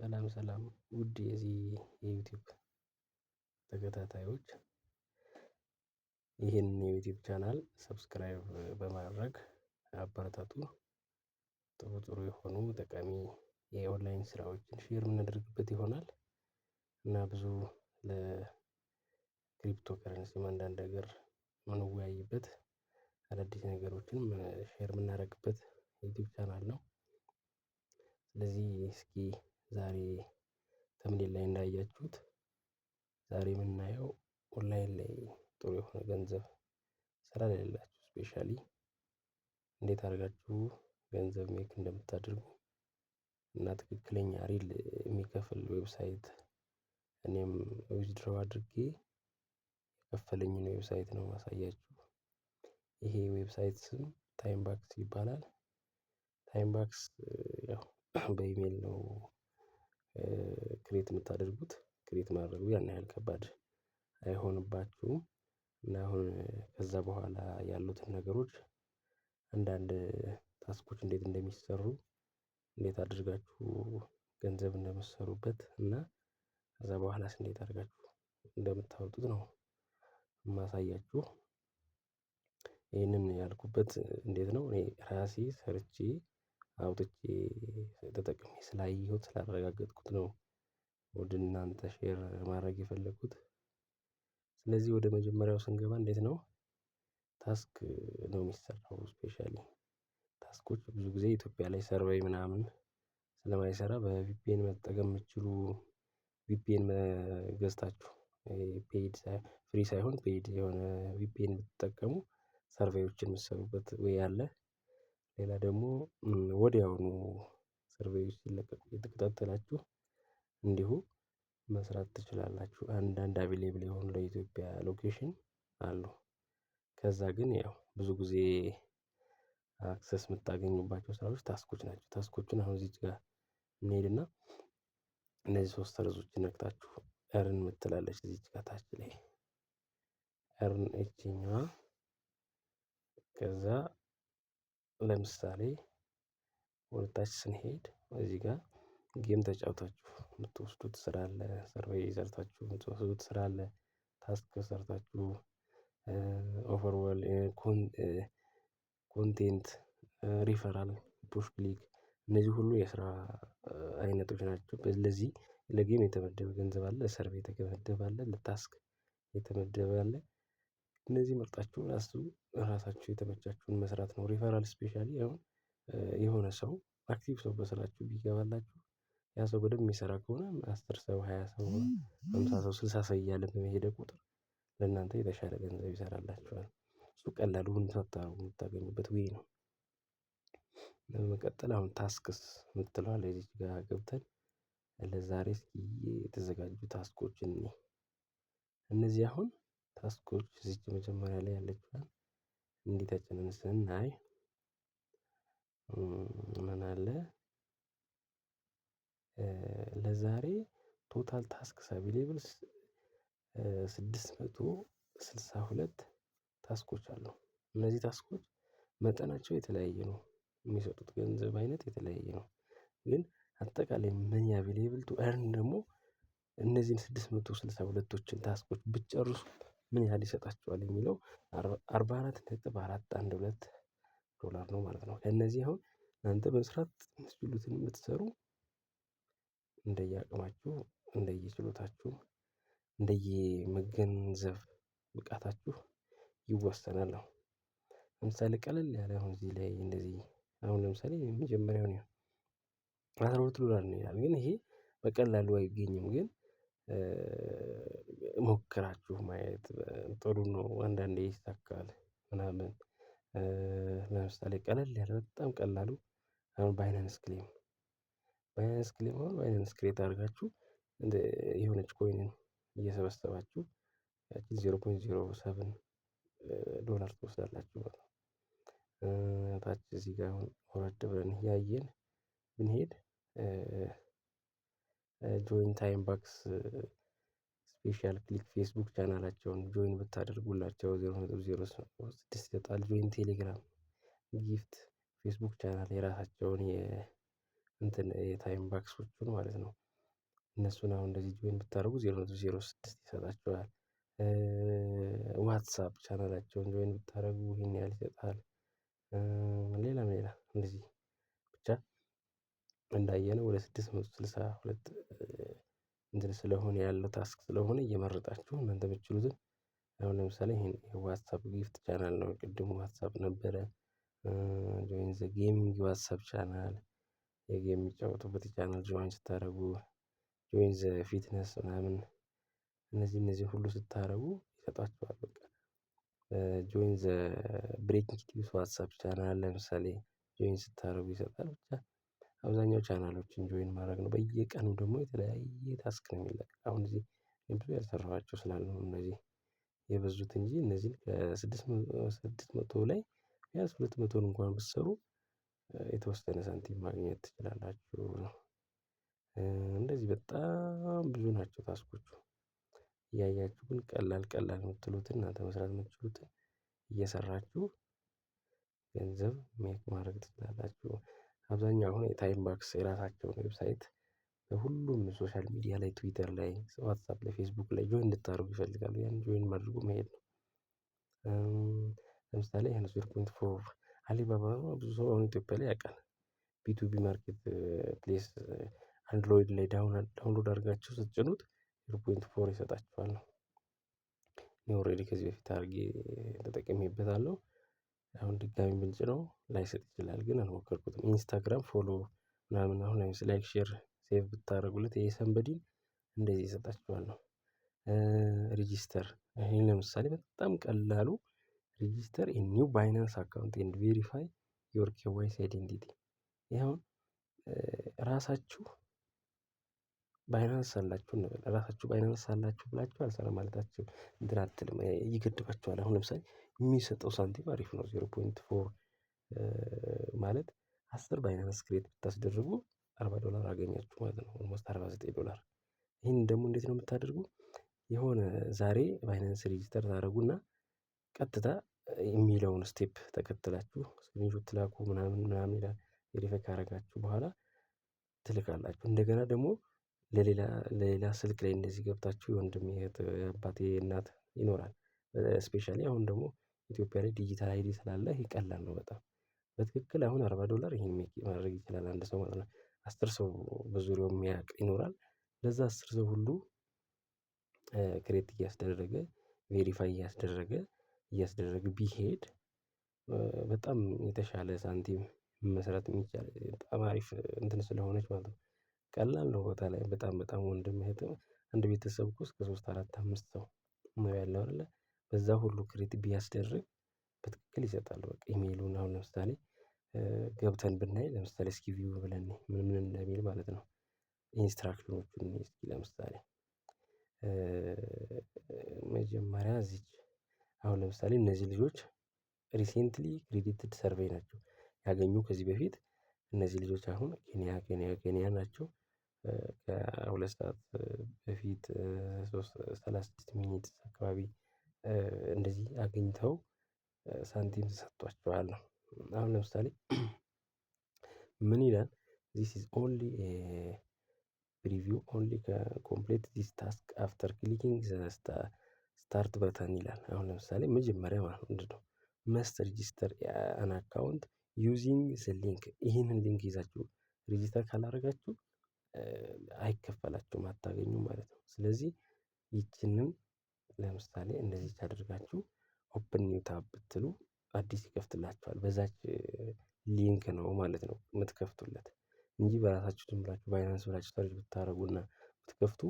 ሰላም ሰላም ውድ የዚህ የዩቲዩብ ተከታታዮች ይህን የዩቲዩብ ቻናል ሰብስክራይብ በማድረግ አበረታቱ። ጥሩ ጥሩ የሆኑ ጠቃሚ የኦንላይን ስራዎችን ሼር የምናደርግበት ይሆናል እና ብዙ ለክሪፕቶ ከረንሲ አንዳንድ ነገር የምንወያይበት አዳዲስ ነገሮችን ሼር የምናደርግበት ዩቲዩብ ቻናል ነው። ስለዚህ እስኪ ዛሬ ተምኔል ላይ እንዳያችሁት ዛሬ የምናየው ኦንላይን ላይ ጥሩ የሆነ ገንዘብ ስራ ሌላችሁ ስፔሻሊ እንዴት አድርጋችሁ ገንዘብ ሜክ እንደምታደርጉ እና ትክክለኛ ሪል የሚከፍል ዌብሳይት እኔም ዊዝድሮ አድርጌ የከፈለኝን ዌብሳይት ነው ማሳያችሁ። ይሄ ዌብሳይት ስም ታይም ባክስ ይባላል። ታይም ባክስ ያው በኢሜል ነው ክሬት የምታደርጉት ክሬት ማድረጉ ያን ያህል ከባድ አይሆንባችሁም። እና አሁን ከዛ በኋላ ያሉትን ነገሮች አንዳንድ ታስኮች እንዴት እንደሚሰሩ እንዴት አድርጋችሁ ገንዘብ እንደምትሰሩበት እና ከዛ በኋላስ እንዴት አድርጋችሁ እንደምታወጡት ነው የማሳያችሁ። ይህንን ያልኩበት እንዴት ነው እኔ ራሴ ሰርቼ አውጥቼ ተጠቅሜ ስላየሁት ስላረጋገጥኩት ነው ወደ እናንተ ሼር ማድረግ የፈለኩት። ስለዚህ ወደ መጀመሪያው ስንገባ እንዴት ነው ታስክ ነው የሚሰራው ስፔሻሊ ታስኮች ብዙ ጊዜ ኢትዮጵያ ላይ ሰርቬይ ምናምን ስለማይሰራ በቪፒኤን መጠቀም የምትችሉ ቪፒኤን ገዝታችሁ ፍሪ ሳይሆን ፔድ የሆነ ቪፒኤን ብትጠቀሙ ሰርቬዮችን የምትሰሩበት ወይ አለ ሌላ ደግሞ ወዲያውኑ ሰርቬዩ ሲለቀቁ እየተከታተላችሁ እንዲሁ መስራት ትችላላችሁ። አንዳንድ አቬሌብል የሆኑ ለኢትዮጵያ ሎኬሽን አሉ። ከዛ ግን ያው ብዙ ጊዜ አክሰስ የምታገኙባቸው ስራዎች ታስኮች ናቸው። ታስኮችን አሁን እዚች ጋር እንሄድና እነዚህ ሶስት ተረዞች ነክታችሁ ኤርን የምትላለች እዚች ጋር ታች ላይ ኤርን እቺኛዋ ከዛ ለምሳሌ ወደታች ስንሄድ እዚህ ጋር ጌም ተጫውታችሁ የምትወስዱት ስራ አለ፣ ሰርቬይ ሰርታችሁ የምትወስዱት ስራ አለ፣ ታስክ ሰርታችሁ ኦቨርወል ኮንቴንት ሪፈራል ፑሽ ክሊክ እነዚህ ሁሉ የስራ አይነቶች ናቸው። ለዚህ ለጌም የተመደበ ገንዘብ አለ፣ ለሰርቬይ የተመደበ አለ፣ ለታስክ የተመደበ አለ እነዚህ መርጣችሁን አስቡ ራሳችሁ የተመቻችሁን መስራት ነው። ሪፈራል ስፔሻሊ አሁን የሆነ ሰው አክቲቭ ሰው በስራችሁ ቢገባላችሁ ያ ሰው በደንብ የሚሰራ ከሆነ አስር ሰው ሀያ ሰው ሀምሳ ሰው ስልሳ ሰው እያለ በመሄደ ቁጥር ለእናንተ የተሻለ ገንዘብ ይሰራላችኋል። እሱ ቀላሉን ሳታደርጉ የምታገኙበት ወይ ነው። በመቀጠል አሁን ታስክስ የምትለዋ እዚች ጋር ገብተን ለዛሬ እስኪ የተዘጋጁ ታስኮችን እንይ። እነዚህ አሁን ታስኮች እዚች መጀመሪያ ላይ ያለችዋን እንዲህ ተጭነን ስናይ ምን አለ ለዛሬ ቶታል ታስክ አቬሌብልስ ስድስት መቶ ስልሳ ሁለት ታስኮች አሉ። እነዚህ ታስኮች መጠናቸው የተለያየ ነው። የሚሰጡት ገንዘብ አይነት የተለያየ ነው። ግን አጠቃላይ መኒ አቬሌብል ቱ ኤርን ደግሞ እነዚህን ስድስት መቶ ስልሳ ሁለቶችን ታስኮች ብትጨርሱ ምን ያህል ይሰጣቸዋል የሚለው አርባ አራት ነጥብ አራት አንድ ሁለት ዶላር ነው ማለት ነው። ከእነዚህ አሁን እናንተ መስራት የምትችሉትን የምትሰሩ እንደየአቅማችሁ እንደየችሎታችሁ እንደየመገንዘብ ብቃታችሁ ይወሰናል ነው። ለምሳሌ ቀለል ያለ አሁን እዚህ ላይ እንደዚህ አሁን ለምሳሌ የመጀመሪያውን አስራ ሁለት ዶላር ነው ይላል ግን ይሄ በቀላሉ አይገኝም ግን ሞክራችሁ ማየት ጥሩ ነው አንዳንዴ ይሳካል ምናምን። ለምሳሌ ቀለል ያለ በጣም ቀላሉ አሁን ባይናንስ ክሌም ባይናንስ ክሌም አሁን ባይናንስ ክሬት አድርጋችሁ የሆነች ኮይንን እየሰበሰባችሁ ያቺን ዜሮ ፖይንት ዜሮ ሰቨን ዶላር ትወስዳላችሁ ማለት ነው። ታች እዚህ ጋር አሁን ወረድ ብለን እያየን ብንሄድ ጆይን ታይም ባክስ ስፔሻል ክሊክ ፌስቡክ ቻናላቸውን ጆይን ብታደርጉላቸው ዜሮ ይሰጣል። ጆይን ቴሌግራም ጊፍት ፌስቡክ ቻናል የራሳቸውን የእንትን የታይም ባክሶቹን ማለት ነው። እነሱን አሁን እንደዚህ ጆይን ብታደርጉ ዜሮ ይሰጣቸዋል። ዋትሳፕ ቻናላቸውን ጆይን ብታደርጉ ይህን ያህል ይሰጣል። ሌላም ሌላ እንደዚህ እንዳየነው ወደ ስድስት መቶ ስልሳ ሁለት እንትን ስለሆነ ያለው ታስክ ስለሆነ እየመረጣችሁ እናንተ የምትችሉትን አሁን ለምሳሌ ይሄን ዋትሳፕ ጊፍት ቻናል ነው። ቅድሙ ዋትሳፕ ነበረ። ጆይን ዘ ጌሚንግ ዋትሳፕ ቻናል የጌም የሚጫወቱበት ቻናል ጆይን ስታደርጉ፣ ጆይን ዘ ፊትነስ ምናምን እነዚህ እነዚህ ሁሉ ስታደርጉ ይሰጣችኋል። በቃ ጆይን ዘ ብሬኪንግ ኒውስ ዋትሳፕ ቻናል ለምሳሌ ጆይን ስታደርጉ ይሰጣል ብቻ አብዛኛው ቻናሎችን ጆይን ማድረግ ነው። በየቀኑ ደግሞ የተለያየ ታስክ ነው የሚለቀቅ አሁን እዚህ ብዙ ያልሰራኋቸው ስላሉ ነው እነዚህ የበዙት እንጂ እነዚህን ከስድስት ስድስት መቶ ላይ ቢያንስ ሁለት መቶን እንኳን ብትሰሩ የተወሰነ ሳንቲም ማግኘት ትችላላችሁ ነው። እንደዚህ በጣም ብዙ ናቸው ታስኮቹ። እያያችሁ ግን ቀላል ቀላል የምትሉትን እናንተ መስራት የምትችሉትን እየሰራችሁ ገንዘብ ሜክ ማድረግ ትችላላችሁ። አብዛኛው አሁን የታይም ባክስ የራሳቸውን ዌብሳይት በሁሉም ሶሻል ሚዲያ ላይ ትዊተር ላይ ዋትሳፕ ላይ ፌስቡክ ላይ ጆይን እንድታደርጉ ይፈልጋሉ ያን ጆይን ማድርጉ መሄድ ነው። ለምሳሌ ይሄን ዜሮ ፖይንት ፎር አሊባባ ብዙ ሰው አሁን ኢትዮጵያ ላይ ያውቃል። ቢቱቢ ማርኬት ፕሌስ አንድሮይድ ላይ ዳውንሎድ አድርጋቸው ስትጭኑት ዜሮ ፖይንት ፎር ይሰጣችኋል ነው። እኔ ኦሬዲ ከዚህ በፊት አድርጌ ተጠቅሜበታለሁ አሁን ድጋሚ ብንጭነው ላይሰጥ ይችላል። ግን አልሞከርኩትም። ኢንስታግራም ፎሎ ምናምን አሁን ለምሳሌ ላይክ ሼር ሴቭ ብታደረጉለት ይሄ ሰንበዲን እንደዚህ ይሰጣችኋል ነው። ሬጂስተር ይህን ለምሳሌ በጣም ቀላሉ ሬጂስተር ኤ ኒው ባይናንስ አካውንት ኤንድ ቬሪፋይ ዮር ኬዋይሲ አይዴንቲቲ ይኸውን ራሳችሁ ባይናንስ አላችሁ ራሳችሁ ባይናንስ አላችሁ ብላችሁ አልሰራ ማለታችሁ እንትን አትልም ይገድባችኋል። አሁን ለምሳሌ የሚሰጠው ሳንቲም አሪፍ ነው ዜሮ ፖይንት ፎር ማለት አስር ባይናንስ ክሬት ብታስደርጉ አርባ ዶላር አገኛችሁ ማለት ነው። ኦልሞስት አርባ ዘጠኝ ዶላር። ይህን ደግሞ እንዴት ነው የምታደርጉ? የሆነ ዛሬ ባይናንስ ሬጅስተር ታደርጉና ቀጥታ የሚለውን ስቴፕ ተከትላችሁ ስክሪንሾት ላኩ ምናምን ምናምን ይላል ቬሪፋይ ካደረጋችሁ በኋላ ትልካላችሁ። እንደገና ደግሞ ለሌላ ስልክ ላይ እንደዚህ ገብታችሁ የወንድም እህት የአባቴ እናት ይኖራል ስፔሻሊ አሁን ደግሞ ኢትዮጵያ ላይ ዲጂታል አይዲ ስላለ ይቀላል ቀላል ነው በጣም በትክክል አሁን አርባ ዶላር ይህን ማድረግ ይችላል አንድ ሰው ማለት ነው። አስር ሰው በዙሪያው የሚያውቅ ይኖራል ለዛ አስር ሰው ሁሉ ክሬት እያስደረገ ቬሪፋይ እያስደረገ እያስደረገ ቢሄድ በጣም የተሻለ ሳንቲም መስራት የሚቻል በጣም አሪፍ እንትን ስለሆነች ማለት ነው ቀላል ነው ቦታ ላይ በጣም በጣም ወንድም እህትም አንድ ቤተሰብ እኮ እስከ ሶስት አራት አምስት ሰው ነው ያለው አለ በዛ ሁሉ ክሬት ቢያስደርግ በትክክል ይሰጣል። በቃ ኢሜሉን አሁን ለምሳሌ ገብተን ብናይ ለምሳሌ እስኪ ቪው ብለን ነይ ምን ምን እንደሚል ማለት ነው። ኢንስትራክሽኖቹን እንይ እስኪ ለምሳሌ መጀመሪያ እዚች አሁን ለምሳሌ እነዚህ ልጆች ሪሴንትሊ ክሬዲትድ ሰርቬይ ናቸው ያገኙ ከዚህ በፊት እነዚህ ልጆች አሁን ኬንያ ኬንያ ኬንያ ናቸው። ከሁለት ሰዓት በፊት ሰላሳ ስድስት ሚኒት አካባቢ እንደዚህ አግኝተው ሳንቲም ተሰጥቷቸዋል ነው። አሁን ለምሳሌ ምን ይላል ዚስ ኢዝ ኦንሊ ኦንሊ ዚስ ታስክ አፍተር ክሊኪንግ ስታርት በተን ይላል። አሁን ለምሳሌ መጀመሪያ ማለት ምንድነው መስት ሬጂስተር አን አካውንት ዩዚንግ ዘ ሊንክ ይህንን ሊንክ ይዛችሁ ሬጅስተር ካላደረጋችሁ አይከፈላችሁም አታገኙ ማለት ነው። ስለዚህ ይችንም ለምሳሌ እንደዚህ አድርጋችሁ ኦፕን ኒው ታብ ብትሉ አዲስ ይከፍትላችኋል። በዛች ሊንክ ነው ማለት ነው የምትከፍቱለት እንጂ በራሳችሁ ዝም ብላችሁ ባይናንስ ብላችሁ ሰርች ብታደርጉና ብትከፍቱ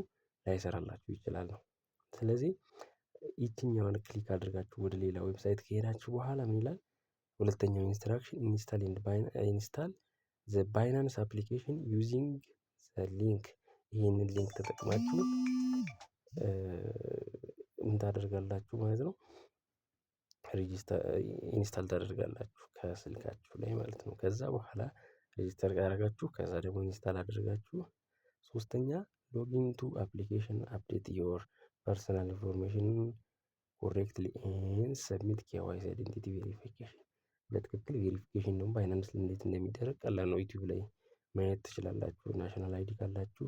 ላይሰራላችሁ ይችላል ነው። ስለዚህ ይችኛውን ክሊክ አድርጋችሁ ወደ ሌላ ዌብሳይት ከሄዳችሁ በኋላ ምን ይላል ሁለተኛው ኢንስትራክሽን ኢንስታል ኤንድ ኢንስታል ዘ ባይናንስ አፕሊኬሽን ዩዚንግ ዘ ሊንክ ይህንን ሊንክ ተጠቅማችሁ ምን ማለት ነው። ሬጂስተር ኢንስታል ታደርጋላችሁ ከስልካችሁ ላይ ማለት ነው። ከዛ በኋላ ሬጂስተር ካደረጋችሁ ከዛ ደግሞ ኢንስታል አድርጋችሁ ሶስተኛ ሎጊን ቱ አፕሊኬሽን አፕዴት ዮር ፐርሰናል ኢንፎርሜሽን ኮሬክትሊ ኤንድ ሰብሚት ኬዋይሲ አይደንቲቲ ቬሪፊኬሽን በትክክል ቬሪፊኬሽን ደግሞ ባይናንስ እንዴት እንደሚደረግ ቀላል ነው። ዩቲዩብ ላይ ማየት ትችላላችሁ። ናሽናል አይዲ ካላችሁ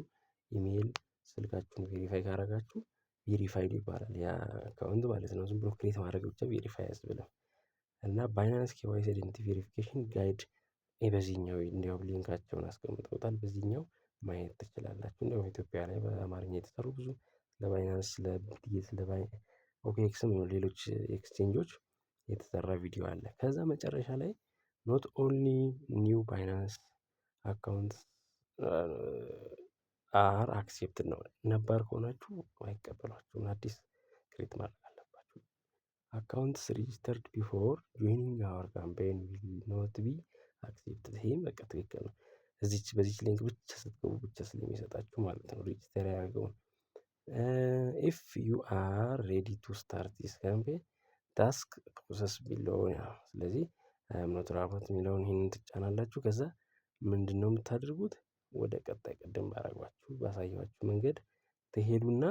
ኢሜይል ስልካችሁን ቬሪፋይ ካረጋችሁ ቬሪፋይድ ይባላል ያ አካውንት ማለት ነው። ዝም ብሎ ክሬት ማድረግ ብቻ ቬሪፋይ አያስብልም። እና ባይናንስ ኬዋይሲ አይደንቲቲ ቬሪፊኬሽን ጋይድ በዚህኛው እንዲያውም ሊንካቸውን አስቀምጠውታል። በዚህኛው ማየት ትችላላችሁ። እንዲያውም ኢትዮጵያ ላይ በአማርኛ የተሰሩ ብዙ ለባይናንስ፣ ስለ ለባይ ኦኬክስም ሌሎች ኤክስቼንጆች የተሰራ ቪዲዮ አለ። ከዛ መጨረሻ ላይ ኖት ኦንሊ ኒው ባይናንስ አካውንት አር አክሴፕት ነው። ነባር ከሆናችሁ አይቀበሏችሁም። አዲስ ክሬት ማድረግ አለባችሁ። አካውንትስ ሬጅስተርድ ቢፎር ጆይኒንግ አወር ካምፔን ዊል ኖት ቢ አክሴፕት። ይሄም በቃ ትክክል ነው። እዚች በዚች ሊንክ ብቻ ስትገቡ ብቻ ስለሚሰጣችሁ ማለት ነው። ሬጅስተር ያደርገውን ኢፍ ዩ አር ሬዲ ቱ ስታርት ዲስ ካምፔን ታስክ ፕሮሰስ የሚለው ያው ስለዚህ ሃያ ምኖት የሚለውን ይሄንን ትጫናላችሁ ከዛ ምንድን ነው የምታደርጉት? ወደ ቀጣይ ቅድም ባረጓችሁ ባሳየኋችሁ መንገድ ትሄዱና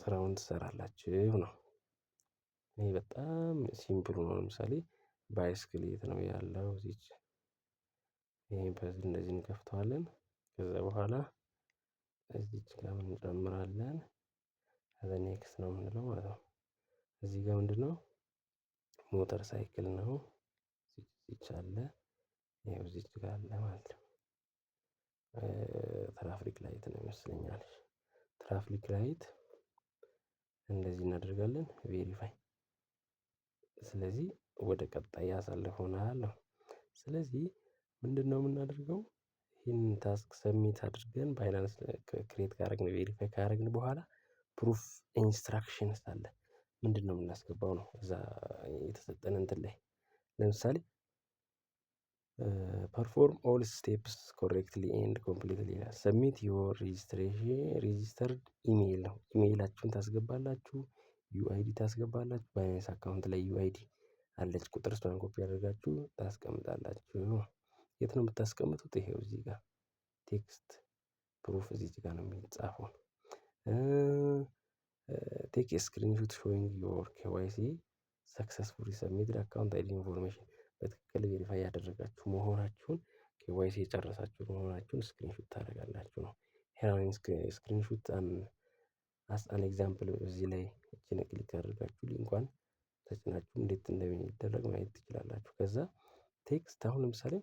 ስራውን ትሰራላችሁ ነው። ይህ በጣም ሲምፕሉ ነው። ለምሳሌ ባይስክሌት ነው ያለው እዚች ይህ በዚህ እንደዚህ እንከፍተዋለን ከዛ በኋላ እዚች ጋር እንጨምራለን ከዛ ኔክስት ነው የምንለው ማለት ነው እዚህ ጋር ምንድነው ሞተር ሳይክል ነው። እዚች አለ ይሄው እዚች ጋር አለ ማለት ነው። ትራፊክ ላይት ነው ይመስለኛል። ትራፊክ ላይት እንደዚህ እናደርጋለን ቬሪፋይ። ስለዚህ ወደ ቀጣይ ያሳልፈናል ነው። ስለዚህ ምንድነው የምናደርገው ይህን ታስክ ሰሚት አድርገን ባይናንስ ክሬት ካረግን ቬሪፋይ ካረግን በኋላ ፕሩፍ ኢንስትራክሽንስ አለ ምንድን ነው የምናስገባው ነው እዛ የተሰጠን እንትን ላይ ለምሳሌ ፐርፎርም ኦል ስቴፕስ ኮሬክትሊ ኤንድ ኮምፕሊትሊ ይላል። ሰብሚት ዮር ሬጅስትሬሽን ሬጅስተርድ ኢሜይል ነው። ኢሜይላችሁን ታስገባላችሁ፣ ዩአይዲ ታስገባላችሁ። ባይናንስ አካውንት ላይ ዩአይዲ አለች ቁጥር እሷን ኮፒ ያደርጋችሁ ታስቀምጣላችሁ። የት ነው የምታስቀምጡት? ይሄው እዚህ ጋር ቴክስት ፕሩፍ እዚህ ጋር ነው የሚጻፈው። take a screenshot showing your KYC successfully submitted account ID information በትክክል ቬሪፋይ ያደረጋችሁ መሆናችሁን ኬዋይሲ የጨረሳችሁ መሆናችሁን ስክሪንሹት ታደርጋላችሁ ነው። ይሄን ስክሪንሹት አስ አን ኤግዛምፕል እዚህ ላይ ይቺን ክሊክ አድርጋችሁ ሊንኳን ተጭናችሁ እንዴት እንደሚደረግ ማየት ትችላላችሁ። ከዛ ቴክስት አሁን ለምሳሌ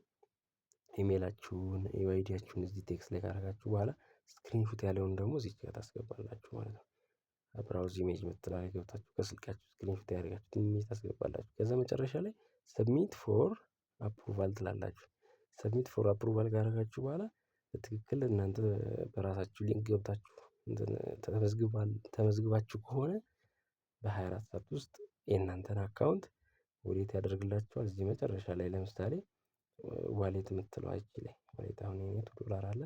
ኢሜላችሁን ዩአይዲያችሁን እዚህ ቴክስት ላይ ካደረጋችሁ በኋላ ስክሪንሹት ያለውን ደግሞ እዚህ ጋር ታስገባላችሁ ማለት ነው ብራውዝ ኢሜጅ ምትለዋ ላይ ገብታችሁ ከስልካችሁ ስክሪን ሾት ያደርጋችሁትን ኢሜጅ ታስገባላችሁ። ከዛ መጨረሻ ላይ ሰብሚት ፎር አፕሩቫል ትላላችሁ። ሰብሚት ፎር አፕሩቫል ካደረጋችሁ በኋላ በትክክል እናንተ በራሳችሁ ሊንክ ገብታችሁ ተመዝግባችሁ ከሆነ በ24 ሰዓት ውስጥ የእናንተን አካውንት ወዴት ያደርግላችኋል? እዚህ መጨረሻ ላይ ለምሳሌ ዋሌት የምትለው እቺ ላይ ዋሌት አሁን የኔ ቱ ዶላር አለ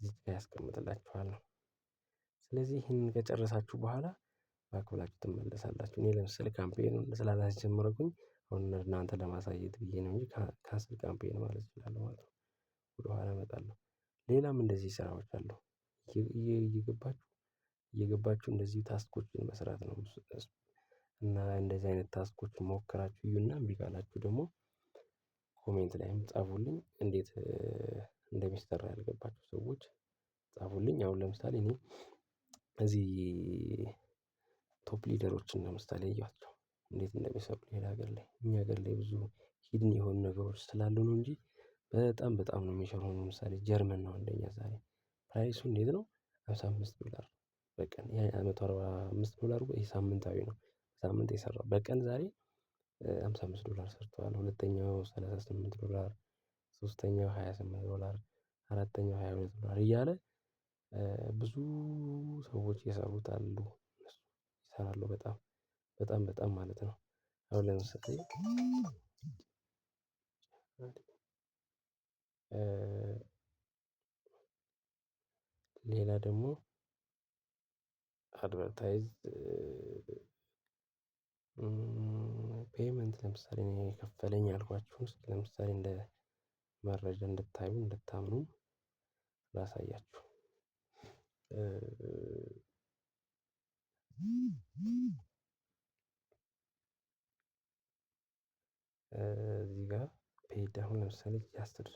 እዚህ ላይ ያስቀምጥላችኋል ነው ስለዚህ ይሄንን ከጨረሳችሁ በኋላ ባክ ብላችሁ ትመለሳላችሁ። እኔ ለምሳሌ ካምፔኑን ስላላስጀመረኩኝ አሁን እናንተ ለማሳየት ብዬ ነው እንጂ ካንስል ካምፔን ማለት ይችላል ማለት ነው። ወደኋላ እመጣለሁ። ሌላም እንደዚህ ስራዎች አሉ። እየገባችሁ እየገባችሁ እንደዚህ ታስኮችን መስራት ነው። እና እንደዚህ አይነት ታስኮች ሞክራችሁ እዩና እምቢ ካላችሁ ደግሞ ኮሜንት ላይም ጻፉልኝ። እንዴት እንደሚሰራ ያልገባችሁ ሰዎች ጻፉልኝ። አሁን ለምሳሌ እኔ እዚህ ቶፕ ሊደሮችን ለምሳሌ እዩዋቸው እንዴት እንደሚሰሩ ሌላ ሀገር ላይ እኛ ሀገር ላይ ብዙ ሂድን የሆኑ ነገሮች ስላሉ ነው እንጂ በጣም በጣም ነው የሚሸርሙን። ለምሳሌ ጀርመን ነው አንደኛ ዛሬ ፕራይሱ እንዴት ነው ሃምሳ አምስት ዶላር በቀን ያ አርባ አምስት ዶላር ይሄ ሳምንታዊ ነው። ሳምንት የሰራው በቀን ዛሬ ሀምሳ አምስት ዶላር ሰርተዋል። ሁለተኛው ሰላሳ ስምንት ዶላር ሶስተኛው ሀያ ስምንት ዶላር አራተኛው ሀያ ሁለት ዶላር እያለ ብዙ ሰዎች እየሰሩት አሉ ይሰራሉ በጣም በጣም በጣም ማለት ነው። አሁን ለምሳሌ ሌላ ደግሞ አድቨርታይዝ ፔይመንት ለምሳሌ እኔ የከፈለኝ ያልኳችሁን እስኪ ለምሳሌ እንደ መረጃ እንድታዩ እንድታምኑ ላሳያችሁ እዚህ ጋር አሁን ለምሳሌ የአስር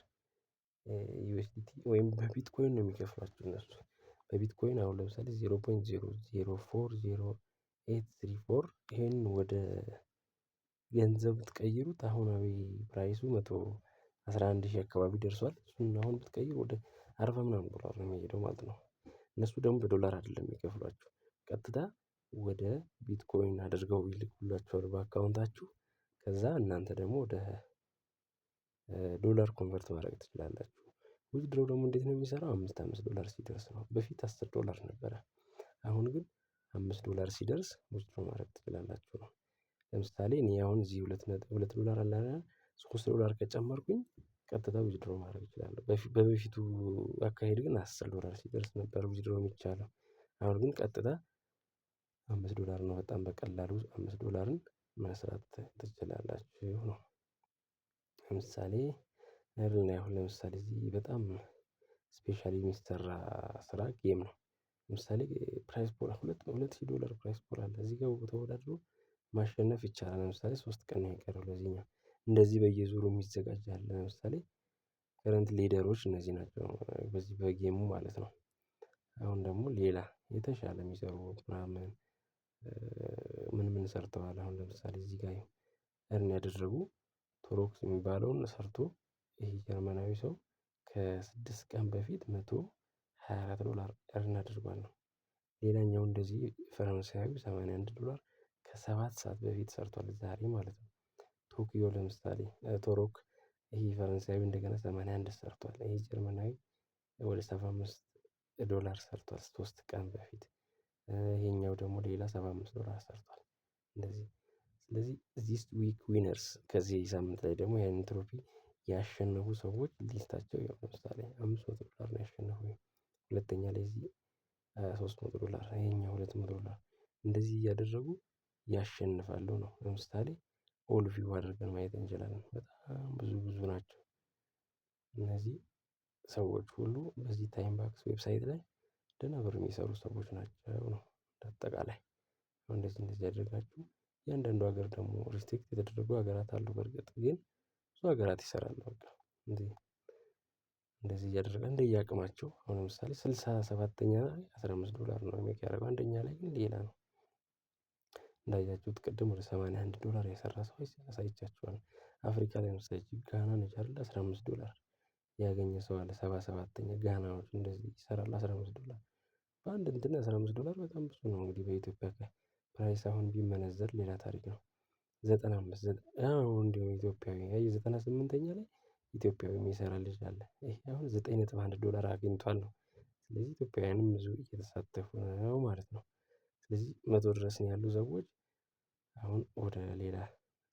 ዩኤስዲቲ ወይም በቢትኮይን ነው የሚከፍሏቸው እነሱ በቢትኮይን አሁን ለምሳሌ ዜሮ ፖይንት ዜሮ ዜሮ ፎር ዜሮ ኤት ትሪ ፎር ይሄንን ወደ ገንዘብ ብትቀይሩት አሁናዊ ፕራይሱ መቶ አስራ አንድ ሺህ አካባቢ ደርሷል። እሱን አሁን ብትቀይሩ ወደ አርባ ምናምን ዶላር ነው የሚሄደው ማለት ነው። እነሱ ደግሞ በዶላር አይደለም የሚከፍሏችሁ ቀጥታ ወደ ቢትኮይን አድርገው ይልኩላችኋል በአካውንታችሁ ከዛ እናንተ ደግሞ ወደ ዶላር ኮንቨርት ማድረግ ትችላላችሁ። ዊዝድሮው ደግሞ እንዴት ነው የሚሰራው? አምስት አምስት ዶላር ሲደርስ ነው በፊት አስር ዶላር ነበረ። አሁን ግን አምስት ዶላር ሲደርስ ዊዝድሮው ማድረግ ትችላላችሁ ነው። ለምሳሌ እኔ አሁን እዚህ ሁለት ዶላር አለ ሶስት ዶላር ከጨመርኩኝ ቀጥታ ዊዝድሮ ማድረግ እችላለሁ። በበፊቱ አካሄድ ግን አስር ዶላር ሲደርስ ነበር ዊዝድሮ የሚቻለው። አሁን ግን ቀጥታ አምስት ዶላር ነው በጣም በቀላሉ አምስት ዶላርን መስራት ትችላላችሁ ነው። ለምሳሌ እኔ አሁን ለምሳሌ እዚህ በጣም ስፔሻል የሚሰራ ስራ ጌም ነው። ለምሳሌ ፕራይስ ፖል ሁለት ሁለት ሺህ ዶላር ፕራይስ ፖል አለ እዚህ ጋር ተወዳድሮ ማሸነፍ ይቻላል። ለምሳሌ ሶስት ቀን ነው የቀረው ለዚህኛው እንደዚህ በየዙሩ የሚዘጋጅ አለ። ለምሳሌ ከረንት ሊደሮች እነዚህ ናቸው በዚህ በጌሙ ማለት ነው። አሁን ደግሞ ሌላ የተሻለ የሚሰሩ ምናምን ምን ምን ሰርተዋል? አሁን ለምሳሌ እዚህ ጋር እርን ያደረጉ ቶሮክስ የሚባለውን ሰርቶ ይህ ጀርመናዊ ሰው ከስድስት ቀን በፊት መቶ ሃያ አራት ዶላር እርን አድርጓል ነው። ሌላኛው እንደዚህ ፈረንሳያዊ ሰማንያ አንድ ዶላር ከሰባት ሰዓት በፊት ሰርቷል ዛሬ ማለት ነው ቶኪዮ ለምሳሌ ቶሮክ ይሄ ፈረንሳዊ እንደገና ሰማንያ አንድ ሰርቷል። ይሄ ጀርመናዊ ወደ ሰባ አምስት ዶላር ሰርቷል ሶስት ቀን በፊት። ይሄኛው ደግሞ ሌላ ሰባ አምስት ዶላር ሰርቷል። እንደዚህ ስለዚህ ዚስ ዊክ ዊነርስ ከዚህ ሳምንት ላይ ደግሞ ያንን ትሮፊ ያሸነፉ ሰዎች ሊስታቸው ያው ለምሳሌ አምስት መቶ ዶላር ነው ያሸነፉ። ሁለተኛ ላይ እዚህ ሶስት መቶ ዶላር ይሄኛው ሁለት መቶ ዶላር እንደዚህ እያደረጉ ያሸንፋሉ ነው። ለምሳሌ ኦል ቪው አድርገን ማየት እንችላለን። በጣም ብዙ ብዙ ናቸው። እነዚህ ሰዎች ሁሉ በዚህ ታይም ባክስ ዌብሳይት ላይ ደህና ብር የሚሰሩ ሰዎች ናቸው ነው በአጠቃላይ። እንደዚህ እንደዚህ አድርጋችሁ እያንዳንዱ ሀገር ደግሞ ሪስትሪክት የተደረጉ ሀገራት አሉ። በእርግጥ ግን ብዙ ሀገራት ይሰራሉ። በቃ እንደዚህ እንደዚህ እያደረገ እንደየአቅማቸው አሁን ለምሳሌ ስልሳ ሰባተኛ አስራ አምስት ዶላር ነው ሜክ ያደረገው አንደኛ ላይ ግን ሌላ ነው እንዳያችሁት ቅድም ወደ 81 ዶላር የሰራ ሰው አሳይቻችኋል። አፍሪካ ላይ ለምሳሌ ጋና ነች አይደል 15 ዶላር ያገኘ ሰው አለ። ሰባ ሰባተኛ ጋናዎች እንደዚህ ይሰራል 15 ዶላር በአንድ እንትን 15 ዶላር በጣም ብዙ ነው። እንግዲህ በኢትዮጵያ ፕራይስ አሁን ቢመነዘር ሌላ ታሪክ ነው። 95 እንዲሁም ኢትዮጵያዊ ያየ ዘጠና ስምንተኛ ላይ ኢትዮጵያዊ የሚሰራ ልጅ አለ። ይሄ አሁን 9.1 ዶላር አግኝቷል ነው። ስለዚህ ኢትዮጵያውያንም ብዙ እየተሳተፉ ነው ማለት ነው። ስለዚህ መቶ ድረስ ነው ያሉ ሰዎች አሁን ወደ ሌላ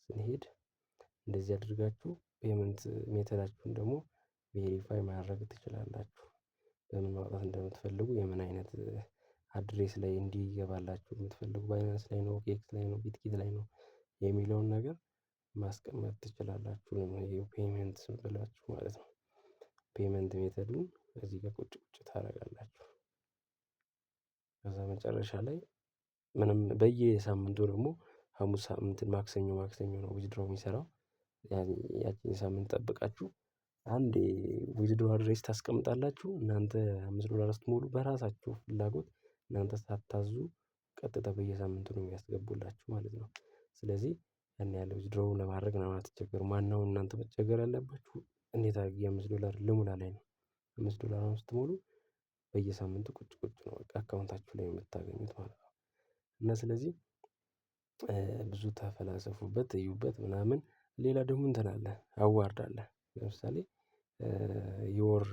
ስንሄድ እንደዚህ አድርጋችሁ ፔመንት ሜተዳችሁን ደግሞ ቬሪፋይ ማድረግ ትችላላችሁ። በምን ማውጣት እንደምትፈልጉ የምን አይነት አድሬስ ላይ እንዲገባላችሁ የምትፈልጉ ባይናንስ ላይ ነው ኤክስ ላይ ነው ቢትኪት ላይ ነው የሚለውን ነገር ማስቀመጥ ትችላላችሁ። ይሄ ፔመንት ብላችሁ ማለት ነው። ፔመንት ሜተዱን እዚህ ጋር ቁጭ ቁጭ ታደርጋላችሁ። ከዛ መጨረሻ ላይ ምንም በየሳምንቱ ደግሞ ሀሙስ ሳምንት ማክሰኞ ማክሰኞ ነው ዊዝድሮው የሚሰራው። ያቺን ሳምንት ጠብቃችሁ አንድ ዊዝድሮው አድሬስ ታስቀምጣላችሁ እናንተ አምስት ዶላር ስትሞሉ በራሳችሁ ፍላጎት እናንተ ሳታዙ ቀጥታ በየሳምንቱ ነው የሚያስገቡላችሁ ማለት ነው። ስለዚህ ያን ያለ ዊዝድሮው ለማድረግ ምናምን አትቸገሩም ዋናው እናንተ መቸገር ያለባችሁ እንዴት አድርጌ አምስት ዶላር ልሙላ ላይ ነው። አምስት ዶላር ስትሞሉ በየሳምንቱ ቁጭ ቁጭ ነው በቃ አካውንታችሁ ላይ የምታገኙት ማለት ነው እና ስለዚህ ብዙ ተፈላሰፉበት እዩበት ምናምን ሌላ ደግሞ እንትን አለ አዋርድ አለ ለምሳሌ ዮር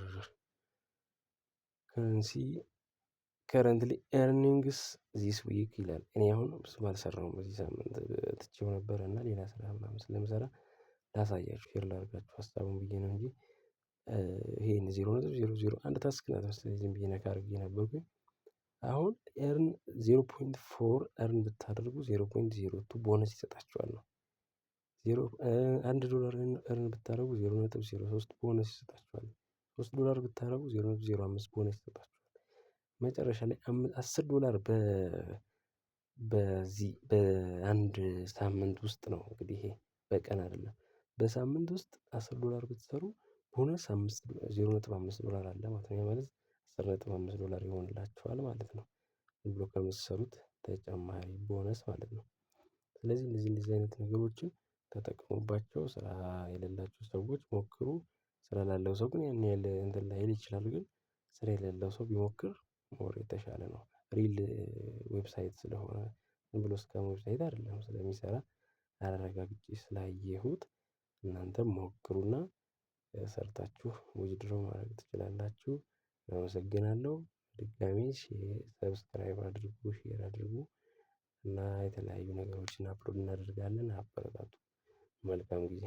ከረንሲ ከረንትሊ ኤርኒንግስ ዚስ ዊክ ይላል። እኔ አሁን ብዙም አልሰራሁም በዚህ ሳምንት ትቼው ነበር እና ሌላ ስራ ምናምን ስለምሰራ ላሳያችሁ ሼር ላድርጋችሁ ሀሳቡን ብዬ ነው እንጂ ይሄን ዜሮ ነጥብ ዜሮ ዜሮ አንድ ታስክ ናት መሰለኝ ዝም ብዬ ነካ አድርጌ ነበር ግን አሁን ኤርን 0.4 ኤርን ብታደርጉ 0.02 ቦነስ ይሰጣችኋል ነው። አንድ ዶላር ኤርን ብታደርጉ 0.03 ቦነስ ይሰጣችኋል። 3 ዶላር ብታደርጉ 0.05 ቦነስ ይሰጣችኋል። መጨረሻ ላይ 10 ዶላር በ በዚህ በአንድ ሳምንት ውስጥ ነው እንግዲህ በቀን አይደለም። በሳምንት ውስጥ 10 ዶላር ብትሰሩ ቦነስ 0.5 ዶላር አለ ማለት ነው ማለት አስር ነጥብ አምስት ዶላር ይሆንላችኋል ማለት ነው። ብሎ ከምትሰሩት ተጨማሪ ቦነስ ማለት ነው። ስለዚህ እንደዚህ እንደዚህ አይነት ነገሮችን ተጠቅሙባቸው። ስራ የሌላቸው ሰዎች ሞክሩ። ስራ ላለው ሰው ግን ያን ያህል እንትን ላይል ይችላል። ግን ስራ የሌለው ሰው ቢሞክር ሞር የተሻለ ነው። ሪል ዌብሳይት ስለሆነ ዝም ብሎ ዌብሳይት አይደለም ስለሚሰራ አረጋግጬ ስላየሁት እናንተም ሞክሩና ሰርታችሁ ዊዝድሮ ማድረግ ትችላላችሁ። አመሰግናለሁ። ድጋሚ ሰብስክራይብ አድርጉ ሼር አድርጉ እና የተለያዩ ነገሮችን አፕሎድ እናደርጋለን አበረታቱ። መልካም ጊዜ